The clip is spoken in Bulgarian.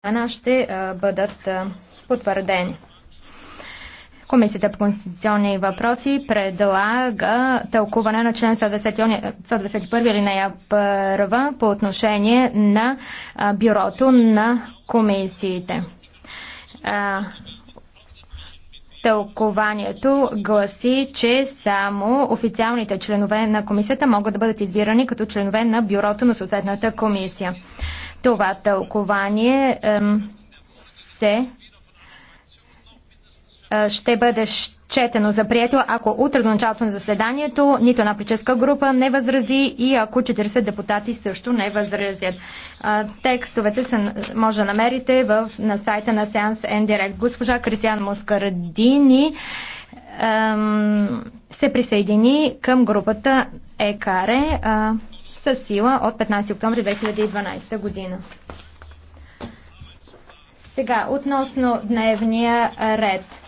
страна ще бъдат потвърдени. Комисията по конституционни въпроси предлага тълкуване на член 121 нея първа по отношение на бюрото на комисиите. Тълкованието гласи, че само официалните членове на комисията могат да бъдат избирани като членове на бюрото на съответната комисия. Това тълкование се е, ще бъде четено за приятел, ако утре до началото на заседанието нито една прическа група не възрази и ако 40 депутати също не възразят. Е, текстовете се, може да намерите в, на сайта на Сеанс ендирект. Госпожа Кристиан Москардини ем, се присъедини към групата ЕКАРЕ. Е, с сила от 15 октомври 2012 година. Сега, относно дневния ред.